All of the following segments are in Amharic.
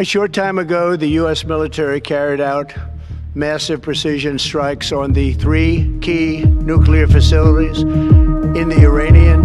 A short time ago, the U.S. military carried out massive precision strikes on the three key nuclear facilities in the Iranian.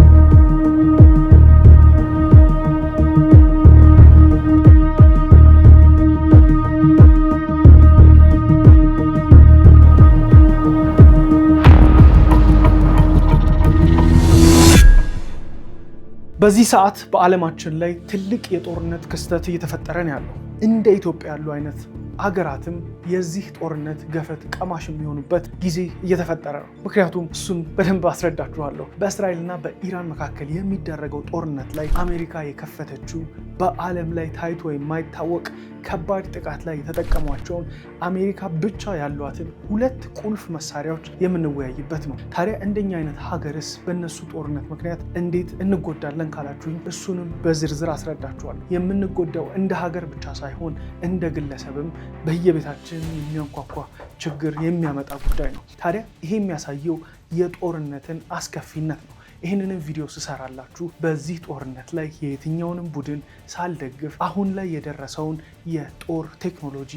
በዚህ ሰዓት በዓለማችን ላይ ትልቅ የጦርነት ክስተት እየተፈጠረ ነው ያለው። እንደ ኢትዮጵያ ያሉ አይነት አገራትም የዚህ ጦርነት ገፈት ቀማሽ የሚሆኑበት ጊዜ እየተፈጠረ ነው። ምክንያቱም እሱን በደንብ አስረዳችኋለሁ። በእስራኤልና በኢራን መካከል የሚደረገው ጦርነት ላይ አሜሪካ የከፈተችው በዓለም ላይ ታይቶ የማይታወቅ ከባድ ጥቃት ላይ የተጠቀሟቸውን አሜሪካ ብቻ ያሏትን ሁለት ቁልፍ መሳሪያዎች የምንወያይበት ነው። ታዲያ እንደኛ አይነት ሀገርስ በእነሱ ጦርነት ምክንያት እንዴት እንጎዳለን ካላችሁኝ እሱንም በዝርዝር አስረዳችኋለሁ። የምንጎዳው እንደ ሀገር ብቻ ሳይሆን እንደ ግለሰብም በየቤታችን ለህዝባችን የሚያንኳኳ ችግር የሚያመጣ ጉዳይ ነው። ታዲያ ይሄ የሚያሳየው የጦርነትን አስከፊነት ነው። ይህንንም ቪዲዮ ስሰራላችሁ በዚህ ጦርነት ላይ የየትኛውንም ቡድን ሳልደግፍ አሁን ላይ የደረሰውን የጦር ቴክኖሎጂ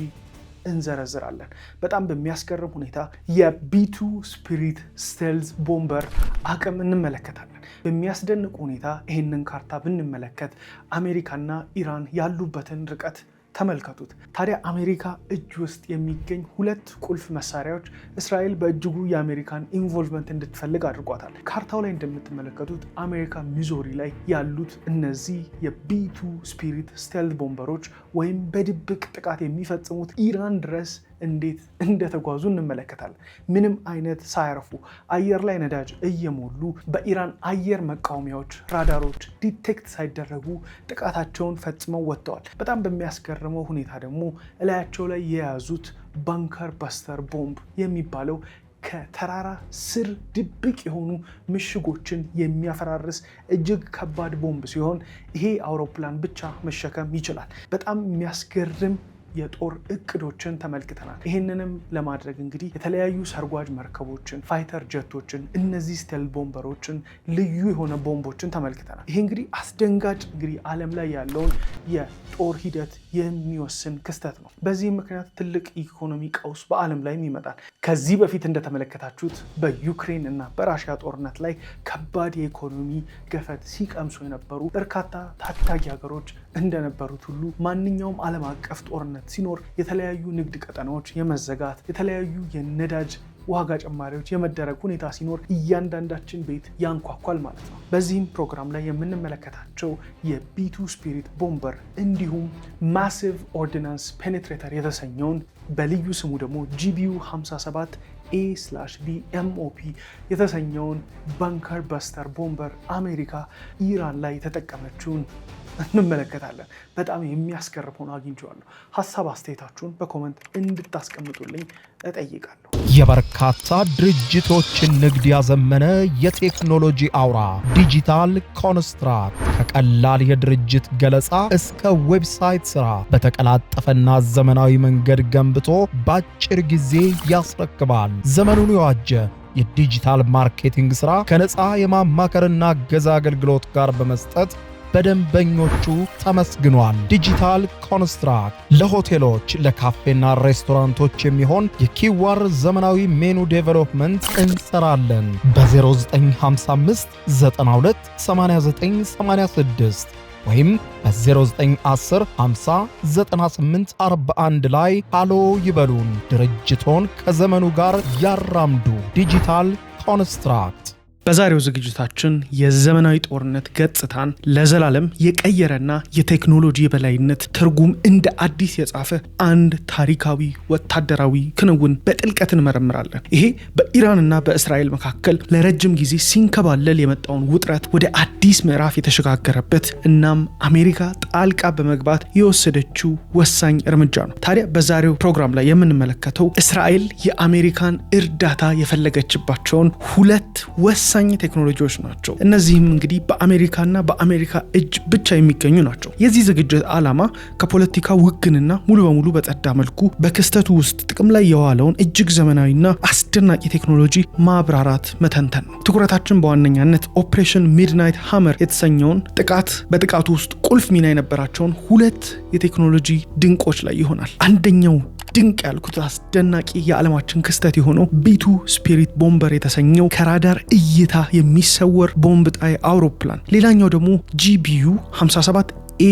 እንዘረዝራለን። በጣም በሚያስገርም ሁኔታ የቢቱ ስፒሪት ስቴልዝ ቦምበር አቅም እንመለከታለን። በሚያስደንቅ ሁኔታ ይህንን ካርታ ብንመለከት አሜሪካና ኢራን ያሉበትን ርቀት ተመልከቱት። ታዲያ አሜሪካ እጅ ውስጥ የሚገኝ ሁለት ቁልፍ መሳሪያዎች እስራኤል በእጅጉ የአሜሪካን ኢንቮልቭመንት እንድትፈልግ አድርጓታል። ካርታው ላይ እንደምትመለከቱት አሜሪካ ሚዞሪ ላይ ያሉት እነዚህ የቢቱ ስፒሪት ስቴልት ቦምበሮች ወይም በድብቅ ጥቃት የሚፈጽሙት ኢራን ድረስ እንዴት እንደተጓዙ እንመለከታለን። ምንም አይነት ሳያረፉ አየር ላይ ነዳጅ እየሞሉ በኢራን አየር መቃወሚያዎች ራዳሮች ዲቴክት ሳይደረጉ ጥቃታቸውን ፈጽመው ወጥተዋል። በጣም በሚያስገርመው ሁኔታ ደግሞ እላያቸው ላይ የያዙት ባንከር ባስተር ቦምብ የሚባለው ከተራራ ስር ድብቅ የሆኑ ምሽጎችን የሚያፈራርስ እጅግ ከባድ ቦምብ ሲሆን ይሄ አውሮፕላን ብቻ መሸከም ይችላል። በጣም የሚያስገርም የጦር እቅዶችን ተመልክተናል። ይህንንም ለማድረግ እንግዲህ የተለያዩ ሰርጓጅ መርከቦችን፣ ፋይተር ጀቶችን፣ እነዚህ ስቴል ቦምበሮችን፣ ልዩ የሆነ ቦምቦችን ተመልክተናል። ይሄ እንግዲህ አስደንጋጭ እንግዲህ ዓለም ላይ ያለውን የጦር ሂደት የሚወስን ክስተት ነው። በዚህ ምክንያት ትልቅ ኢኮኖሚ ቀውስ በዓለም ላይም ይመጣል። ከዚህ በፊት እንደተመለከታችሁት በዩክሬን እና በራሽያ ጦርነት ላይ ከባድ የኢኮኖሚ ገፈት ሲቀምሱ የነበሩ በርካታ ታዳጊ ሀገሮች እንደነበሩት ሁሉ ማንኛውም ዓለም አቀፍ ጦርነት ሲኖር የተለያዩ ንግድ ቀጠናዎች የመዘጋት የተለያዩ የነዳጅ ዋጋ ጭማሪዎች የመደረግ ሁኔታ ሲኖር እያንዳንዳችን ቤት ያንኳኳል ማለት ነው። በዚህም ፕሮግራም ላይ የምንመለከታቸው የቢቱ ስፒሪት ቦምበር እንዲሁም ማሲቭ ኦርዲናንስ ፔኔትሬተር የተሰኘውን በልዩ ስሙ ደግሞ ጂቢዩ 57 ኤ ቢ ኤምኦፒ የተሰኘውን ባንከር በስተር ቦምበር አሜሪካ ኢራን ላይ የተጠቀመችውን እንመለከታለን። በጣም የሚያስገርም ሆኖ አግኝቼዋለሁ። ሀሳብ አስተያየታችሁን በኮመንት እንድታስቀምጡልኝ እጠይቃለሁ። የበርካታ ድርጅቶችን ንግድ ያዘመነ የቴክኖሎጂ አውራ ዲጂታል ኮንስትራክት ከቀላል የድርጅት ገለጻ እስከ ዌብሳይት ስራ በተቀላጠፈና ዘመናዊ መንገድ ገንብቶ በአጭር ጊዜ ያስረክባል። ዘመኑን የዋጀ የዲጂታል ማርኬቲንግ ሥራ ከነፃ የማማከርና ገዛ አገልግሎት ጋር በመስጠት በደንበኞቹ ተመስግኗል። ዲጂታል ኮንስትራክት ለሆቴሎች ለካፌና ሬስቶራንቶች የሚሆን የኪዋር ዘመናዊ ሜኑ ዴቨሎፕመንት እንሰራለን። በ0955 92 8986 ወይም በ0910 50 ላይ አሎ ይበሉን። ድርጅቶን ከዘመኑ ጋር ያራምዱ። ዲጂታል ኮንስትራክት በዛሬው ዝግጅታችን የዘመናዊ ጦርነት ገጽታን ለዘላለም የቀየረና የቴክኖሎጂ የበላይነት ትርጉም እንደ አዲስ የጻፈ አንድ ታሪካዊ ወታደራዊ ክንውን በጥልቀት እንመረምራለን። ይሄ በኢራንና በእስራኤል መካከል ለረጅም ጊዜ ሲንከባለል የመጣውን ውጥረት ወደ አዲስ ምዕራፍ የተሸጋገረበት እናም አሜሪካ ጣልቃ በመግባት የወሰደችው ወሳኝ እርምጃ ነው። ታዲያ በዛሬው ፕሮግራም ላይ የምንመለከተው እስራኤል የአሜሪካን እርዳታ የፈለገችባቸውን ሁለት ወሳኝ ወሳኝ ቴክኖሎጂዎች ናቸው። እነዚህም እንግዲህ በአሜሪካና በአሜሪካ እጅ ብቻ የሚገኙ ናቸው። የዚህ ዝግጅት ዓላማ ከፖለቲካ ውግንና ሙሉ በሙሉ በጸዳ መልኩ በክስተቱ ውስጥ ጥቅም ላይ የዋለውን እጅግ ዘመናዊና አስደናቂ ቴክኖሎጂ ማብራራት፣ መተንተን ነው። ትኩረታችን በዋነኛነት ኦፕሬሽን ሚድናይት ሃመር የተሰኘውን ጥቃት በጥቃቱ ውስጥ ቁልፍ ሚና የነበራቸውን ሁለት የቴክኖሎጂ ድንቆች ላይ ይሆናል። አንደኛው ድንቅ ያልኩት አስደናቂ የዓለማችን ክስተት የሆነው ቢቱ ስፒሪት ቦምበር የተሰኘው ከራዳር እይታ የሚሰወር ቦምብ ጣይ አውሮፕላን፣ ሌላኛው ደግሞ ጂቢዩ 57 ኤ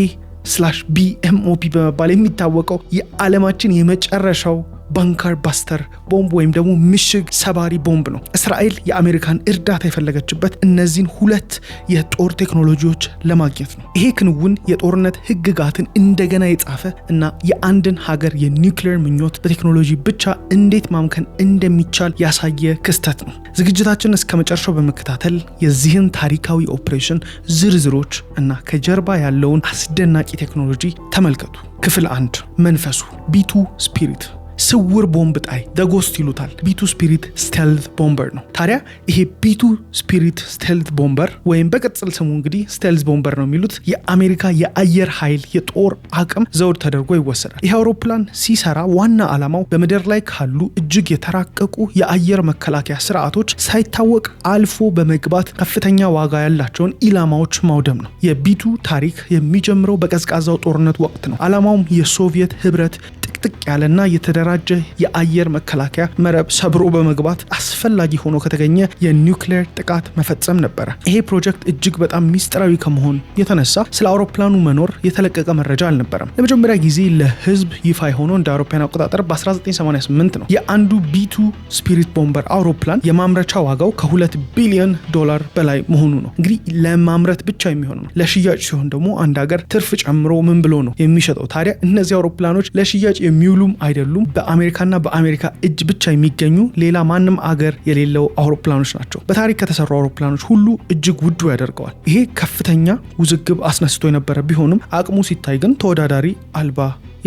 ስላሽ ቢኤምኦፒ በመባል የሚታወቀው የዓለማችን የመጨረሻው ባንካር ባስተር ቦምብ ወይም ደግሞ ምሽግ ሰባሪ ቦምብ ነው። እስራኤል የአሜሪካን እርዳታ የፈለገችበት እነዚህን ሁለት የጦር ቴክኖሎጂዎች ለማግኘት ነው። ይሄ ክንውን የጦርነት ህግጋትን እንደገና የጻፈ እና የአንድን ሀገር የኒውክሌር ምኞት በቴክኖሎጂ ብቻ እንዴት ማምከን እንደሚቻል ያሳየ ክስተት ነው። ዝግጅታችን እስከ መጨረሻው በመከታተል የዚህን ታሪካዊ ኦፕሬሽን ዝርዝሮች እና ከጀርባ ያለውን አስደናቂ ቴክኖሎጂ ተመልከቱ። ክፍል አንድ መንፈሱ ቢቱ ስፒሪት ስውር ቦምብ ጣይ ደጎስት ይሉታል። ቢቱ ስፒሪት ስቴልት ቦምበር ነው። ታዲያ ይሄ ቢቱ ስፒሪት ስቴልት ቦምበር ወይም በቅጽል ስሙ እንግዲህ ስቴልት ቦምበር ነው የሚሉት የአሜሪካ የአየር ኃይል የጦር አቅም ዘውድ ተደርጎ ይወሰዳል። ይህ አውሮፕላን ሲሰራ ዋና ዓላማው በምድር ላይ ካሉ እጅግ የተራቀቁ የአየር መከላከያ ስርዓቶች ሳይታወቅ አልፎ በመግባት ከፍተኛ ዋጋ ያላቸውን ኢላማዎች ማውደም ነው። የቢቱ ታሪክ የሚጀምረው በቀዝቃዛው ጦርነት ወቅት ነው። ዓላማውም የሶቪየት ህብረት ጥቅጥቅ ያለና የተደ የተደራጀ የአየር መከላከያ መረብ ሰብሮ በመግባት አስፈላጊ ሆኖ ከተገኘ የኒውክሌር ጥቃት መፈጸም ነበረ። ይሄ ፕሮጀክት እጅግ በጣም ሚስጥራዊ ከመሆን የተነሳ ስለ አውሮፕላኑ መኖር የተለቀቀ መረጃ አልነበረም። ለመጀመሪያ ጊዜ ለህዝብ ይፋ የሆነው እንደ አውሮፓውያን አቆጣጠር በ1988 ነው። የአንዱ ቢቱ ስፒሪት ቦምበር አውሮፕላን የማምረቻ ዋጋው ከሁለት ቢሊዮን ዶላር በላይ መሆኑ ነው። እንግዲህ ለማምረት ብቻ የሚሆን ነው። ለሽያጭ ሲሆን ደግሞ አንድ ሀገር ትርፍ ጨምሮ ምን ብሎ ነው የሚሸጠው? ታዲያ እነዚህ አውሮፕላኖች ለሽያጭ የሚውሉም አይደሉም። በአሜሪካና በአሜሪካ እጅ ብቻ የሚገኙ ሌላ ማንም አገር የሌለው አውሮፕላኖች ናቸው። በታሪክ ከተሰሩ አውሮፕላኖች ሁሉ እጅግ ውዱ ያደርገዋል። ይሄ ከፍተኛ ውዝግብ አስነስቶ የነበረ ቢሆንም አቅሙ ሲታይ ግን ተወዳዳሪ አልባ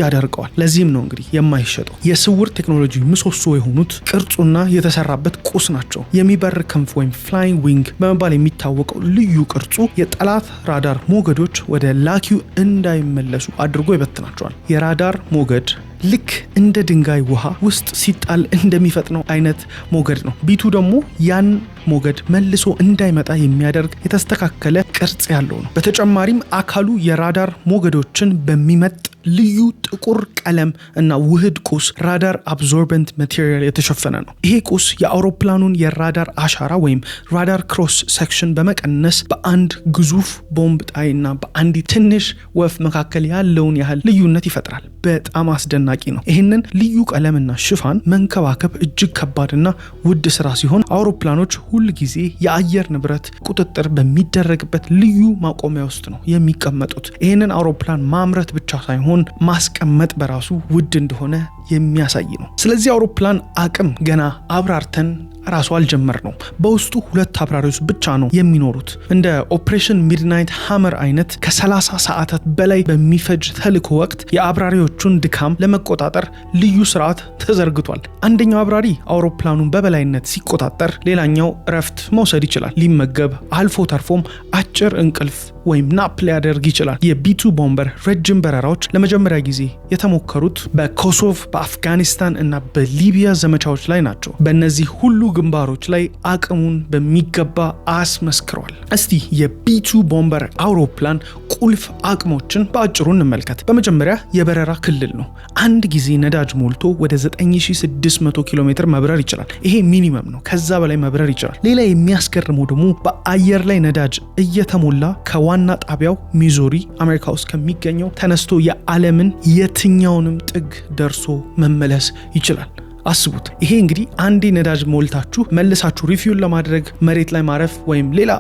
ያደርገዋል። ለዚህም ነው እንግዲህ የማይሸጠው። የስውር ቴክኖሎጂ ምሰሶ የሆኑት ቅርጹና የተሰራበት ቁስ ናቸው። የሚበር ክንፍ ወይም ፍላይንግ ዊንግ በመባል የሚታወቀው ልዩ ቅርጹ የጠላት ራዳር ሞገዶች ወደ ላኪው እንዳይመለሱ አድርጎ ይበትናቸዋል። የራዳር ሞገድ ልክ እንደ ድንጋይ ውሃ ውስጥ ሲጣል እንደሚፈጥነው አይነት ሞገድ ነው። ቢቱ ደግሞ ያን ሞገድ መልሶ እንዳይመጣ የሚያደርግ የተስተካከለ ቅርጽ ያለው ነው። በተጨማሪም አካሉ የራዳር ሞገዶችን በሚመጥ ልዩ ጥቁር ቀለም እና ውህድ ቁስ ራዳር አብዞርበንት ማቴሪያል የተሸፈነ ነው። ይሄ ቁስ የአውሮፕላኑን የራዳር አሻራ ወይም ራዳር ክሮስ ሴክሽን በመቀነስ በአንድ ግዙፍ ቦምብ ጣይ እና በአንድ ትንሽ ወፍ መካከል ያለውን ያህል ልዩነት ይፈጥራል። በጣም አስደናቂ ነው። ይህንን ልዩ ቀለምና ሽፋን መንከባከብ እጅግ ከባድና ውድ ስራ ሲሆን አውሮፕላኖች ሁል ጊዜ የአየር ንብረት ቁጥጥር በሚደረግበት ልዩ ማቆሚያ ውስጥ ነው የሚቀመጡት። ይህንን አውሮፕላን ማምረት ብቻ ሳይሆን ማስቀመጥ በራሱ ውድ እንደሆነ የሚያሳይ ነው። ስለዚህ አውሮፕላን አቅም ገና አብራርተን ራሱ አልጀመር ነው። በውስጡ ሁለት አብራሪዎች ብቻ ነው የሚኖሩት። እንደ ኦፕሬሽን ሚድናይት ሃመር አይነት ከ30 ሰዓታት በላይ በሚፈጅ ተልእኮ ወቅት የአብራሪዎቹን ድካም ለመቆጣጠር ልዩ ስርዓት ተዘርግቷል። አንደኛው አብራሪ አውሮፕላኑን በበላይነት ሲቆጣጠር፣ ሌላኛው እረፍት መውሰድ ይችላል። ሊመገብ አልፎ ተርፎም አጭር እንቅልፍ ወይም ናፕ ሊያደርግ ይችላል። የቢቱ ቦምበር ረጅም በረራዎች ለመጀመሪያ ጊዜ የተሞከሩት በኮሶቭ በአፍጋኒስታን እና በሊቢያ ዘመቻዎች ላይ ናቸው። በእነዚህ ሁሉ ግንባሮች ላይ አቅሙን በሚገባ አስመስክሯል። እስቲ የቢቱ ቦምበር አውሮፕላን ቁልፍ አቅሞችን በአጭሩ እንመልከት። በመጀመሪያ የበረራ ክልል ነው። አንድ ጊዜ ነዳጅ ሞልቶ ወደ 9600 ኪሎ ሜትር መብረር ይችላል። ይሄ ሚኒመም ነው። ከዛ በላይ መብረር ይችላል። ሌላ የሚያስገርመው ደግሞ በአየር ላይ ነዳጅ እየተሞላ ከዋ ዋና ጣቢያው ሚዙሪ አሜሪካ ውስጥ ከሚገኘው ተነስቶ የዓለምን የትኛውንም ጥግ ደርሶ መመለስ ይችላል። አስቡት። ይሄ እንግዲህ አንዴ ነዳጅ ሞልታችሁ መልሳችሁ ሪፊውን ለማድረግ መሬት ላይ ማረፍ ወይም ሌላ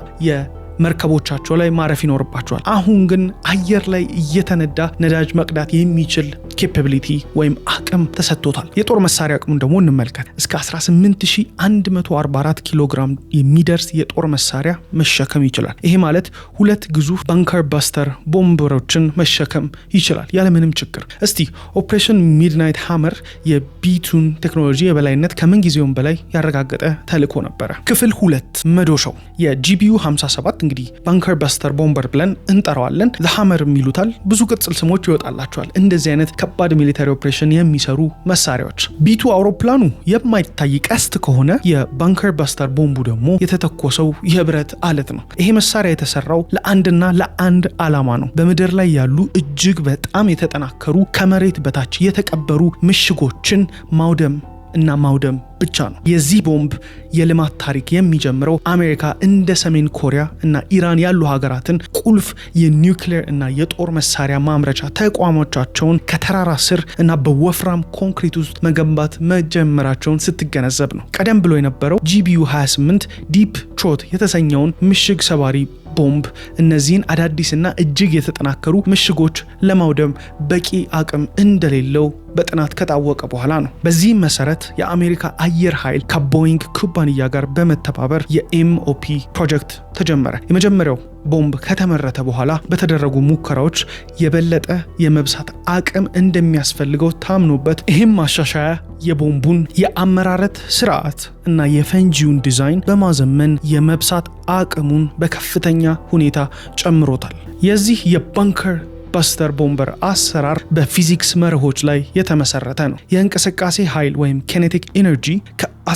መርከቦቻቸው ላይ ማረፍ ይኖርባቸዋል። አሁን ግን አየር ላይ እየተነዳ ነዳጅ መቅዳት የሚችል ኬፓቢሊቲ ወይም አቅም ተሰጥቶታል። የጦር መሳሪያ አቅሙን ደግሞ እንመልከት። እስከ 18144 ኪሎ ግራም የሚደርስ የጦር መሳሪያ መሸከም ይችላል። ይሄ ማለት ሁለት ግዙፍ ባንከር ባስተር ቦምበሮችን መሸከም ይችላል ያለምንም ችግር። እስቲ ኦፕሬሽን ሚድናይት ሃመር የቢቱን ቴክኖሎጂ የበላይነት ከምን ጊዜውም በላይ ያረጋገጠ ተልእኮ ነበረ። ክፍል ሁለት መዶሻው የጂቢዩ 57 እንግዲህ ባንከር ባስተር ቦምበር ብለን እንጠራዋለን። ዘሀመር ይሉታል። ብዙ ቅጽል ስሞች ይወጣላቸዋል። እንደዚህ አይነት ከባድ ሚሊታሪ ኦፕሬሽን የሚሰሩ መሳሪያዎች። ቢቱ አውሮፕላኑ የማይታይ ቀስት ከሆነ የባንከር ባስተር ቦምቡ ደግሞ የተተኮሰው የብረት አለት ነው። ይሄ መሳሪያ የተሰራው ለአንድና ለአንድ ዓላማ ነው። በምድር ላይ ያሉ እጅግ በጣም የተጠናከሩ ከመሬት በታች የተቀበሩ ምሽጎችን ማውደም እና ማውደም ብቻ ነው። የዚህ ቦምብ የልማት ታሪክ የሚጀምረው አሜሪካ እንደ ሰሜን ኮሪያ እና ኢራን ያሉ ሀገራትን ቁልፍ የኒውክሌር እና የጦር መሳሪያ ማምረቻ ተቋሞቻቸውን ከተራራ ስር እና በወፍራም ኮንክሪት ውስጥ መገንባት መጀመራቸውን ስትገነዘብ ነው። ቀደም ብሎ የነበረው ጂቢዩ 28 ዲፕ ትሮት የተሰኘውን ምሽግ ሰባሪ ቦምብ እነዚህን አዳዲስና እጅግ የተጠናከሩ ምሽጎች ለማውደም በቂ አቅም እንደሌለው በጥናት ከታወቀ በኋላ ነው። በዚህም መሰረት የአሜሪካ አየር ኃይል ከቦይንግ ኩባንያ ጋር በመተባበር የኤምኦፒ ፕሮጀክት ተጀመረ። የመጀመሪያው ቦምብ ከተመረተ በኋላ በተደረጉ ሙከራዎች የበለጠ የመብሳት አቅም እንደሚያስፈልገው ታምኖበት ይህም ማሻሻያ የቦምቡን የአመራረት ስርዓት እና የፈንጂውን ዲዛይን በማዘመን የመብሳት አቅሙን በከፍተኛ ሁኔታ ጨምሮታል። የዚህ የባንከር ባስተር ቦምበር አሰራር በፊዚክስ መርሆች ላይ የተመሰረተ ነው። የእንቅስቃሴ ኃይል ወይም ኬኔቲክ ኢነርጂ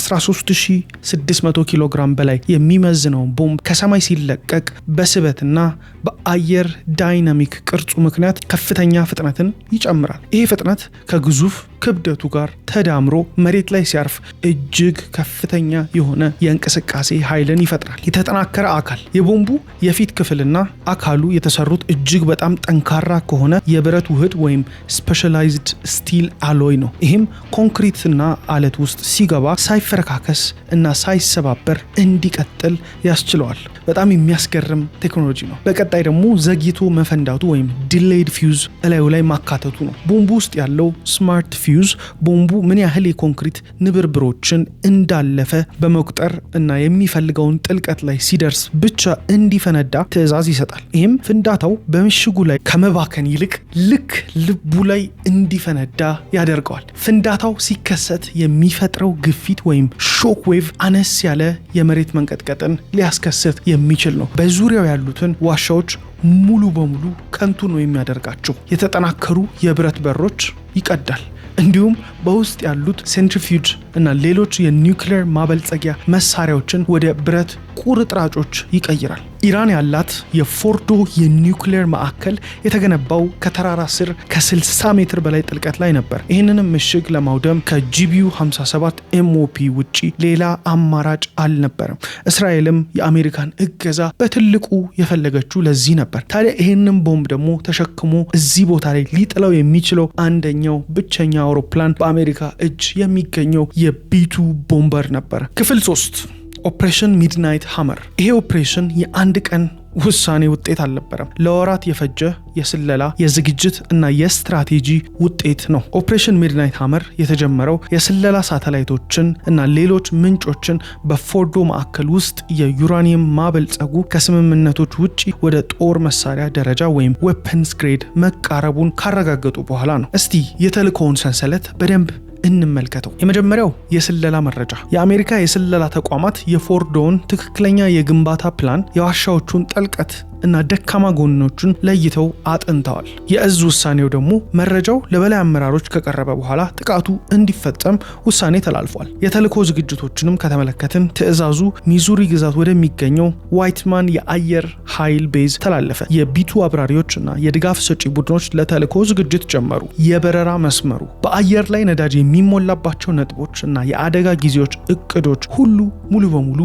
13600 ኪሎ ግራም በላይ የሚመዝነውን ቦምብ ከሰማይ ሲለቀቅ በስበትና በአየር ዳይናሚክ ቅርጹ ምክንያት ከፍተኛ ፍጥነትን ይጨምራል። ይሄ ፍጥነት ከግዙፍ ክብደቱ ጋር ተዳምሮ መሬት ላይ ሲያርፍ እጅግ ከፍተኛ የሆነ የእንቅስቃሴ ኃይልን ይፈጥራል። የተጠናከረ አካል የቦምቡ የፊት ክፍልና አካሉ የተሰሩት እጅግ በጣም ጠንካራ ከሆነ የብረት ውህድ ወይም ስፔሻላይዝድ ስቲል አሎይ ነው። ይህም ኮንክሪትና አለት ውስጥ ሲገባ ሳይ ሳይፈረካከስ እና ሳይሰባበር እንዲቀጥል ያስችለዋል። በጣም የሚያስገርም ቴክኖሎጂ ነው። በቀጣይ ደግሞ ዘግይቶ መፈንዳቱ ወይም ዲሌይድ ፊውዝ እላዩ ላይ ማካተቱ ነው። ቦምቡ ውስጥ ያለው ስማርት ፊውዝ ቦምቡ ምን ያህል የኮንክሪት ንብርብሮችን እንዳለፈ በመቁጠር እና የሚፈልገውን ጥልቀት ላይ ሲደርስ ብቻ እንዲፈነዳ ትዕዛዝ ይሰጣል። ይህም ፍንዳታው በምሽጉ ላይ ከመባከን ይልቅ ልክ ልቡ ላይ እንዲፈነዳ ያደርገዋል። ፍንዳታው ሲከሰት የሚፈጥረው ግፊት ወይም ሾክ ዌቭ አነስ ያለ የመሬት መንቀጥቀጥን ሊያስከስት የሚችል ነው። በዙሪያው ያሉትን ዋሻዎች ሙሉ በሙሉ ከንቱ ነው የሚያደርጋቸው። የተጠናከሩ የብረት በሮች ይቀዳል። እንዲሁም በውስጥ ያሉት ሴንትሪፊጅ እና ሌሎች የኒውክሌር ማበልጸጊያ መሳሪያዎችን ወደ ብረት ቁርጥራጮች ይቀይራል። ኢራን ያላት የፎርዶ የኒውክሌር ማዕከል የተገነባው ከተራራ ስር ከ60 ሜትር በላይ ጥልቀት ላይ ነበር። ይህንንም ምሽግ ለማውደም ከጂቢዩ 57 ኤምኦፒ ውጪ ሌላ አማራጭ አልነበረም። እስራኤልም የአሜሪካን እገዛ በትልቁ የፈለገችው ለዚህ ነበር። ታዲያ ይህንን ቦምብ ደግሞ ተሸክሞ እዚህ ቦታ ላይ ሊጥለው የሚችለው አንደኛው ብቸኛ አውሮፕላን በአሜሪካ እጅ የሚገኘው የቢቱ ቦምበር ነበር። ክፍል ሶስት ኦፕሬሽን ሚድናይት ሃመር ይሄ ኦፕሬሽን የአንድ ቀን ውሳኔ ውጤት አልነበረም። ለወራት የፈጀ የስለላ የዝግጅት እና የስትራቴጂ ውጤት ነው። ኦፕሬሽን ሚድናይት ሀመር የተጀመረው የስለላ ሳተላይቶችን እና ሌሎች ምንጮችን በፎርዶ ማዕከል ውስጥ የዩራኒየም ማበልጸጉ ከስምምነቶች ውጭ ወደ ጦር መሳሪያ ደረጃ ወይም ዌፐንስ ግሬድ መቃረቡን ካረጋገጡ በኋላ ነው። እስቲ የተልእኮውን ሰንሰለት በደንብ እንመልከተው። የመጀመሪያው የስለላ መረጃ። የአሜሪካ የስለላ ተቋማት የፎርዶውን ትክክለኛ የግንባታ ፕላን፣ የዋሻዎቹን ጥልቀት እና ደካማ ጎኖቹን ለይተው አጥንተዋል። የእዝ ውሳኔው ደግሞ መረጃው ለበላይ አመራሮች ከቀረበ በኋላ ጥቃቱ እንዲፈጸም ውሳኔ ተላልፏል። የተልእኮ ዝግጅቶችንም ከተመለከትን ትዕዛዙ ሚዙሪ ግዛት ወደሚገኘው ዋይትማን የአየር ኃይል ቤዝ ተላለፈ። የቢቱ አብራሪዎች እና የድጋፍ ሰጪ ቡድኖች ለተልእኮ ዝግጅት ጀመሩ። የበረራ መስመሩ በአየር ላይ ነዳጅ የሚሞላባቸው ነጥቦች እና የአደጋ ጊዜዎች እቅዶች ሁሉ ሙሉ በሙሉ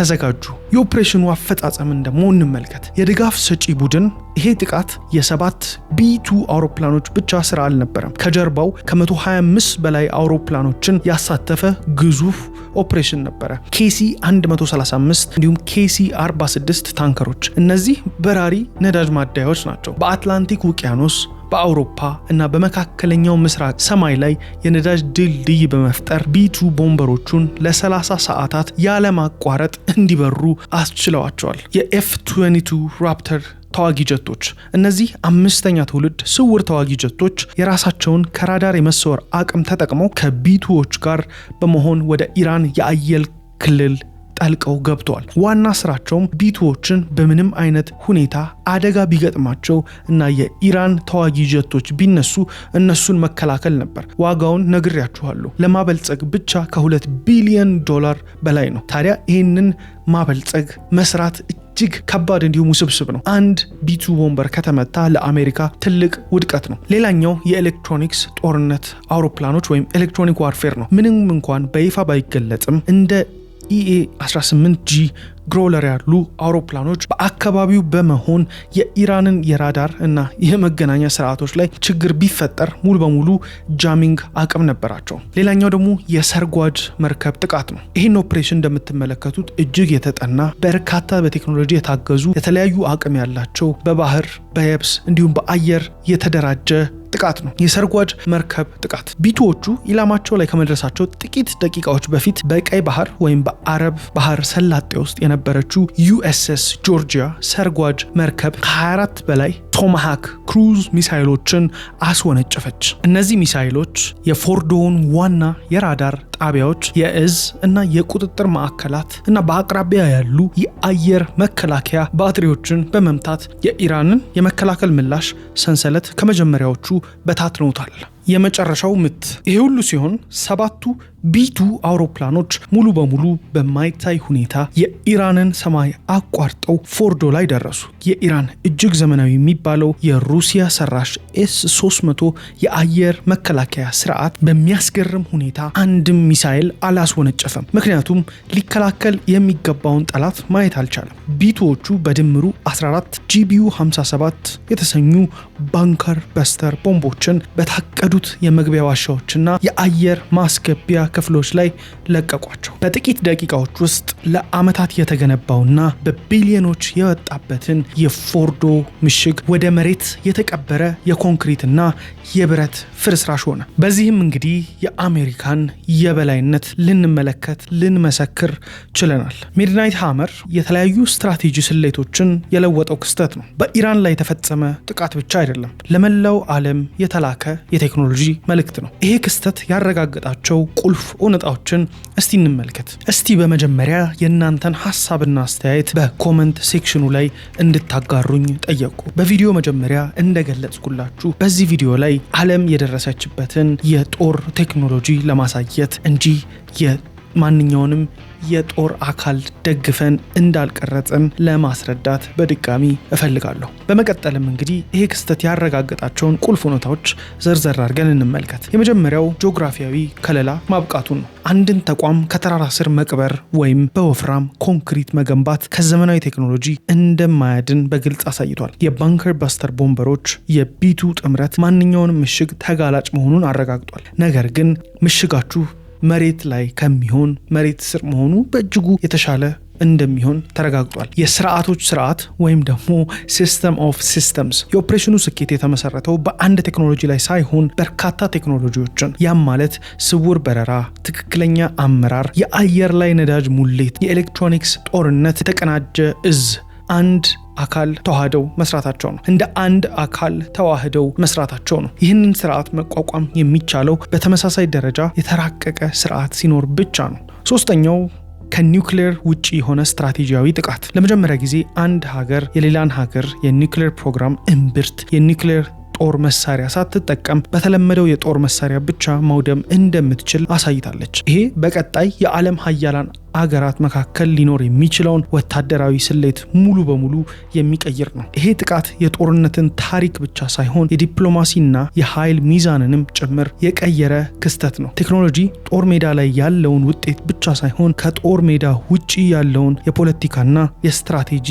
ተዘጋጁ። የኦፕሬሽኑ አፈጻጸምን ደግሞ እንመልከት። ድጋፍ ሰጪ ቡድን ይሄ ጥቃት የሰባት ቢቱ አውሮፕላኖች ብቻ ስራ አልነበረም። ከጀርባው ከ125 በላይ አውሮፕላኖችን ያሳተፈ ግዙፍ ኦፕሬሽን ነበረ። ኬሲ 135 እንዲሁም ኬሲ 46 ታንከሮች። እነዚህ በራሪ ነዳጅ ማደያዎች ናቸው። በአትላንቲክ ውቅያኖስ በአውሮፓ እና በመካከለኛው ምስራቅ ሰማይ ላይ የነዳጅ ድልድይ በመፍጠር ቢቱ ቦምበሮቹን ለ30 ሰዓታት ያለማቋረጥ እንዲበሩ አስችለዋቸዋል። የኤፍ 22 ራፕተር ተዋጊ ጀቶች። እነዚህ አምስተኛ ትውልድ ስውር ተዋጊ ጀቶች የራሳቸውን ከራዳር የመሰወር አቅም ተጠቅመው ከቢቱዎች ጋር በመሆን ወደ ኢራን የአየር ክልል ጠልቀው ገብተዋል። ዋና ስራቸውም ቢቱዎችን በምንም አይነት ሁኔታ አደጋ ቢገጥማቸው እና የኢራን ተዋጊ ጀቶች ቢነሱ እነሱን መከላከል ነበር። ዋጋውን ነግሬያችኋለሁ። ለማበልጸግ ብቻ ከሁለት ቢሊዮን ዶላር በላይ ነው። ታዲያ ይህንን ማበልጸግ መስራት እጅግ ከባድ እንዲሁም ውስብስብ ነው። አንድ ቢቱ ቦምበር ከተመታ ለአሜሪካ ትልቅ ውድቀት ነው። ሌላኛው የኤሌክትሮኒክስ ጦርነት አውሮፕላኖች ወይም ኤሌክትሮኒክ ዋርፌር ነው። ምንም እንኳን በይፋ ባይገለጽም እንደ ኢኤ 18 ጂ ግሮለር ያሉ አውሮፕላኖች በአካባቢው በመሆን የኢራንን የራዳር እና የመገናኛ ስርዓቶች ላይ ችግር ቢፈጠር ሙሉ በሙሉ ጃሚንግ አቅም ነበራቸው። ሌላኛው ደግሞ የሰርጓጅ መርከብ ጥቃት ነው። ይህን ኦፕሬሽን እንደምትመለከቱት እጅግ የተጠና በርካታ በቴክኖሎጂ የታገዙ የተለያዩ አቅም ያላቸው በባህር በየብስ እንዲሁም በአየር የተደራጀ ጥቃት ነው። የሰርጓጅ መርከብ ጥቃት ቢቱዎቹ ኢላማቸው ላይ ከመድረሳቸው ጥቂት ደቂቃዎች በፊት በቀይ ባህር ወይም በአረብ ባህር ሰላጤ ውስጥ የነበረችው ዩኤስኤስ ጆርጂያ ሰርጓጅ መርከብ ከ24 በላይ ቶማሃክ ክሩዝ ሚሳይሎችን አስወነጨፈች። እነዚህ ሚሳይሎች የፎርዶውን ዋና የራዳር ጣቢያዎች፣ የእዝ እና የቁጥጥር ማዕከላት እና በአቅራቢያ ያሉ የአየር መከላከያ ባትሪዎችን በመምታት የኢራንን የመከላከል ምላሽ ሰንሰለት ከመጀመሪያዎቹ በታትነውታል። የመጨረሻው ምት ይሄ ሁሉ ሲሆን ሰባቱ ቢቱ አውሮፕላኖች ሙሉ በሙሉ በማይታይ ሁኔታ የኢራንን ሰማይ አቋርጠው ፎርዶ ላይ ደረሱ። የኢራን እጅግ ዘመናዊ የሚባለው የሩሲያ ሰራሽ ኤስ 300 የአየር መከላከያ ስርዓት በሚያስገርም ሁኔታ አንድም ሚሳይል አላስወነጨፈም። ምክንያቱም ሊከላከል የሚገባውን ጠላት ማየት አልቻለም። ቢቱዎቹ በድምሩ 14 ጂቢዩ 57 የተሰኙ ባንከር በስተር ቦምቦችን በታቀዱ በሚወዱት የመግቢያ ዋሻዎችና የአየር ማስገቢያ ክፍሎች ላይ ለቀቋቸው። በጥቂት ደቂቃዎች ውስጥ ለዓመታት የተገነባውና በቢሊዮኖች የወጣበትን የፎርዶ ምሽግ ወደ መሬት የተቀበረ የኮንክሪትና የብረት ፍርስራሽ ሆነ። በዚህም እንግዲህ የአሜሪካን የበላይነት ልንመለከት ልንመሰክር ችለናል። ሚድናይት ሃመር የተለያዩ ስትራቴጂ ስሌቶችን የለወጠው ክስተት ነው። በኢራን ላይ የተፈጸመ ጥቃት ብቻ አይደለም፣ ለመላው ዓለም የተላከ የቴክኖ ቴክኖሎጂ መልእክት ነው። ይሄ ክስተት ያረጋገጣቸው ቁልፍ እውነታዎችን እስቲ እንመልከት። እስቲ በመጀመሪያ የእናንተን ሀሳብና አስተያየት በኮመንት ሴክሽኑ ላይ እንድታጋሩኝ ጠየቁ። በቪዲዮ መጀመሪያ እንደገለጽኩላችሁ በዚህ ቪዲዮ ላይ ዓለም የደረሰችበትን የጦር ቴክኖሎጂ ለማሳየት እንጂ ማንኛውንም የጦር አካል ደግፈን እንዳልቀረጽን ለማስረዳት በድጋሚ እፈልጋለሁ። በመቀጠልም እንግዲህ ይሄ ክስተት ያረጋገጣቸውን ቁልፍ ሁኔታዎች ዘርዘር አድርገን እንመልከት። የመጀመሪያው ጂኦግራፊያዊ ከለላ ማብቃቱን ነው። አንድን ተቋም ከተራራ ስር መቅበር ወይም በወፍራም ኮንክሪት መገንባት ከዘመናዊ ቴክኖሎጂ እንደማያድን በግልጽ አሳይቷል። የባንከር ባስተር ቦምበሮች የቢቱ ጥምረት ማንኛውንም ምሽግ ተጋላጭ መሆኑን አረጋግጧል። ነገር ግን ምሽጋችሁ መሬት ላይ ከሚሆን መሬት ስር መሆኑ በእጅጉ የተሻለ እንደሚሆን ተረጋግጧል። የስርዓቶች ስርዓት ወይም ደግሞ ሲስተም ኦፍ ሲስተምስ የኦፕሬሽኑ ስኬት የተመሰረተው በአንድ ቴክኖሎጂ ላይ ሳይሆን በርካታ ቴክኖሎጂዎችን ያም ማለት ስውር በረራ፣ ትክክለኛ አመራር፣ የአየር ላይ ነዳጅ ሙሌት፣ የኤሌክትሮኒክስ ጦርነት፣ የተቀናጀ እዝ አንድ አካል ተዋህደው መስራታቸው ነው። እንደ አንድ አካል ተዋህደው መስራታቸው ነው። ይህንን ስርዓት መቋቋም የሚቻለው በተመሳሳይ ደረጃ የተራቀቀ ስርዓት ሲኖር ብቻ ነው። ሶስተኛው ከኒውክሌር ውጭ የሆነ ስትራቴጂያዊ ጥቃት። ለመጀመሪያ ጊዜ አንድ ሀገር የሌላን ሀገር የኒውክሌር ፕሮግራም እምብርት የኒውክሌር ጦር መሳሪያ ሳትጠቀም በተለመደው የጦር መሳሪያ ብቻ መውደም እንደምትችል አሳይታለች። ይሄ በቀጣይ የዓለም ሀያላን አገራት መካከል ሊኖር የሚችለውን ወታደራዊ ስሌት ሙሉ በሙሉ የሚቀይር ነው። ይሄ ጥቃት የጦርነትን ታሪክ ብቻ ሳይሆን የዲፕሎማሲና የኃይል ሚዛንንም ጭምር የቀየረ ክስተት ነው። ቴክኖሎጂ ጦር ሜዳ ላይ ያለውን ውጤት ብቻ ሳይሆን ከጦር ሜዳ ውጪ ያለውን የፖለቲካና የስትራቴጂ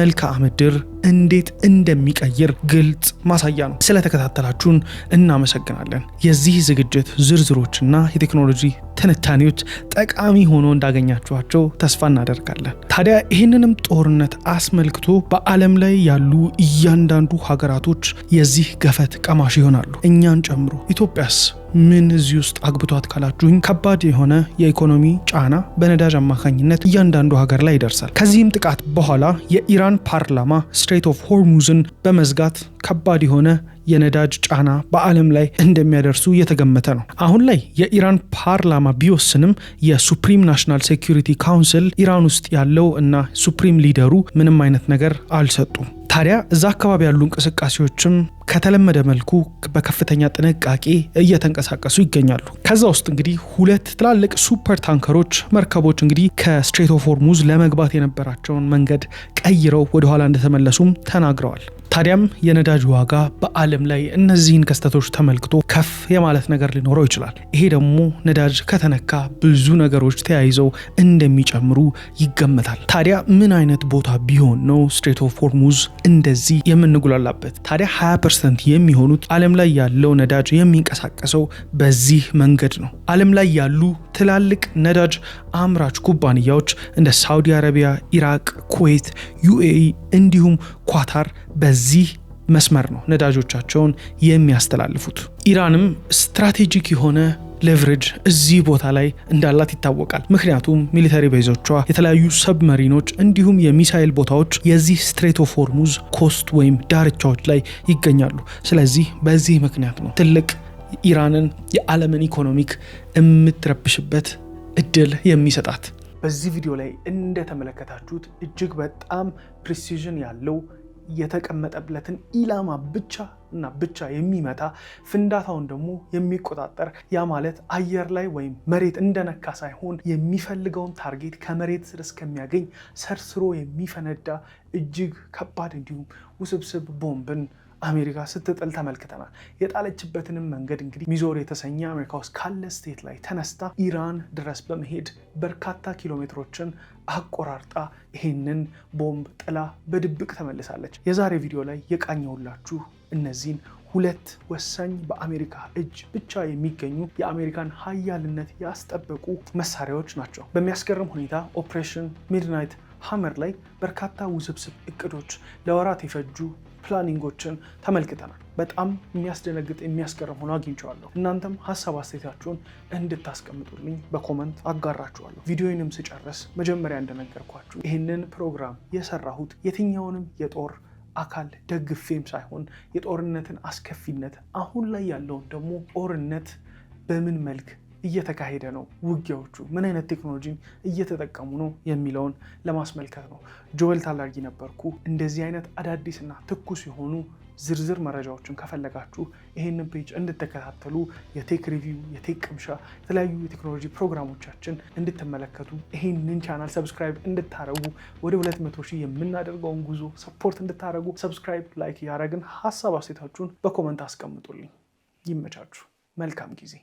መልክዓ ምድር እንዴት እንደሚቀይር ግልጽ ማሳያ ነው። ስለተከታተላችሁን እናመሰግናለን። የዚህ ዝግጅት ዝርዝሮችና የቴክኖሎጂ ትንታኔዎች ጠቃሚ ሆኖ እንዳገኛ እንደረዳችኋቸው ተስፋ እናደርጋለን። ታዲያ ይህንንም ጦርነት አስመልክቶ በዓለም ላይ ያሉ እያንዳንዱ ሀገራቶች የዚህ ገፈት ቀማሽ ይሆናሉ፣ እኛን ጨምሮ። ኢትዮጵያስ ምን እዚህ ውስጥ አግብቷት ካላችሁኝ ከባድ የሆነ የኢኮኖሚ ጫና በነዳጅ አማካኝነት እያንዳንዱ ሀገር ላይ ይደርሳል። ከዚህም ጥቃት በኋላ የኢራን ፓርላማ ስትሬት ኦፍ ሆርሙዝን በመዝጋት ከባድ የሆነ የነዳጅ ጫና በዓለም ላይ እንደሚያደርሱ እየተገመተ ነው። አሁን ላይ የኢራን ፓርላማ ቢወስንም የሱፕሪም ናሽናል ሴኩሪቲ ካውንስል ኢራን ውስጥ ያለው እና ሱፕሪም ሊደሩ ምንም አይነት ነገር አልሰጡም። ታዲያ እዛ አካባቢ ያሉ እንቅስቃሴዎችም ከተለመደ መልኩ በከፍተኛ ጥንቃቄ እየተንቀሳቀሱ ይገኛሉ። ከዛ ውስጥ እንግዲህ ሁለት ትላልቅ ሱፐር ታንከሮች መርከቦች እንግዲህ ከስትሬት ኦፍ ሆርሙዝ ለመግባት የነበራቸውን መንገድ ቀይረው ወደኋላ እንደተመለሱም ተናግረዋል። ታዲያም የነዳጅ ዋጋ በዓለም ላይ እነዚህን ክስተቶች ተመልክቶ ከፍ የማለት ነገር ሊኖረው ይችላል። ይሄ ደግሞ ነዳጅ ከተነካ ብዙ ነገሮች ተያይዘው እንደሚጨምሩ ይገመታል። ታዲያ ምን አይነት ቦታ ቢሆን ነው ስትሬት ኦፍ ሆርሙዝ እንደዚህ የምንጉላላበት ታዲያ 20 ፐርሰንት የሚሆኑት ዓለም ላይ ያለው ነዳጅ የሚንቀሳቀሰው በዚህ መንገድ ነው። ዓለም ላይ ያሉ ትላልቅ ነዳጅ አምራች ኩባንያዎች እንደ ሳውዲ አረቢያ፣ ኢራቅ፣ ኩዌት፣ ዩኤኢ እንዲሁም ኳታር በዚህ መስመር ነው ነዳጆቻቸውን የሚያስተላልፉት። ኢራንም ስትራቴጂክ የሆነ ሌቨሬጅ እዚህ ቦታ ላይ እንዳላት ይታወቃል። ምክንያቱም ሚሊተሪ ቤዞቿ፣ የተለያዩ ሰብመሪኖች እንዲሁም የሚሳይል ቦታዎች የዚህ ስትሬት ኦፍ ሆርሙዝ ኮስት ወይም ዳርቻዎች ላይ ይገኛሉ። ስለዚህ በዚህ ምክንያት ነው ትልቅ ኢራንን የዓለምን ኢኮኖሚክ የምትረብሽበት እድል የሚሰጣት። በዚህ ቪዲዮ ላይ እንደተመለከታችሁት እጅግ በጣም ፕሪሲዥን ያለው የተቀመጠለትን ኢላማ ብቻ እና ብቻ የሚመታ ፍንዳታውን ደግሞ የሚቆጣጠር ያ ማለት አየር ላይ ወይም መሬት እንደነካ ሳይሆን የሚፈልገውን ታርጌት ከመሬት ስር እስከሚያገኝ ሰርስሮ የሚፈነዳ እጅግ ከባድ እንዲሁም ውስብስብ ቦምብን አሜሪካ ስትጥል ተመልክተናል። የጣለችበትንም መንገድ እንግዲህ ሚዞሪ የተሰኘ አሜሪካ ውስጥ ካለ ስቴት ላይ ተነስታ ኢራን ድረስ በመሄድ በርካታ ኪሎ ሜትሮችን አቆራርጣ ይሄንን ቦምብ ጥላ በድብቅ ተመልሳለች። የዛሬ ቪዲዮ ላይ የቃኘሁላችሁ እነዚህን ሁለት ወሳኝ በአሜሪካ እጅ ብቻ የሚገኙ የአሜሪካን ሀያልነት ያስጠበቁ መሳሪያዎች ናቸው። በሚያስገርም ሁኔታ ኦፕሬሽን ሚድናይት ሀመር ላይ በርካታ ውስብስብ እቅዶች፣ ለወራት የፈጁ ፕላኒንጎችን ተመልክተናል። በጣም የሚያስደነግጥ የሚያስገርም ሆኖ አግኝቸዋለሁ። እናንተም ሀሳብ አስተያየታችሁን እንድታስቀምጡልኝ በኮመንት አጋራችኋለሁ። ቪዲዮንም ስጨርስ መጀመሪያ እንደነገርኳችሁ ይህንን ፕሮግራም የሰራሁት የትኛውንም የጦር አካል ደግፌም ሳይሆን የጦርነትን አስከፊነት አሁን ላይ ያለውን ደግሞ ጦርነት በምን መልክ እየተካሄደ ነው፣ ውጊያዎቹ ምን አይነት ቴክኖሎጂን እየተጠቀሙ ነው የሚለውን ለማስመልከት ነው። ጆኤል ታላጊ ነበርኩ። እንደዚህ አይነት አዳዲስና ትኩስ የሆኑ ዝርዝር መረጃዎችን ከፈለጋችሁ ይህንን ፔጅ እንድትከታተሉ የቴክ ሪቪው፣ የቴክ ቅምሻ፣ የተለያዩ የቴክኖሎጂ ፕሮግራሞቻችን እንድትመለከቱ ይህንን ቻናል ሰብስክራይብ እንድታደረጉ ወደ 200 ሺህ የምናደርገውን ጉዞ ሰፖርት እንድታደረጉ ሰብስክራይብ፣ ላይክ ያደረግን ሀሳብ አስተያየታችሁን በኮመንት አስቀምጡልኝ። ይመቻችሁ። መልካም ጊዜ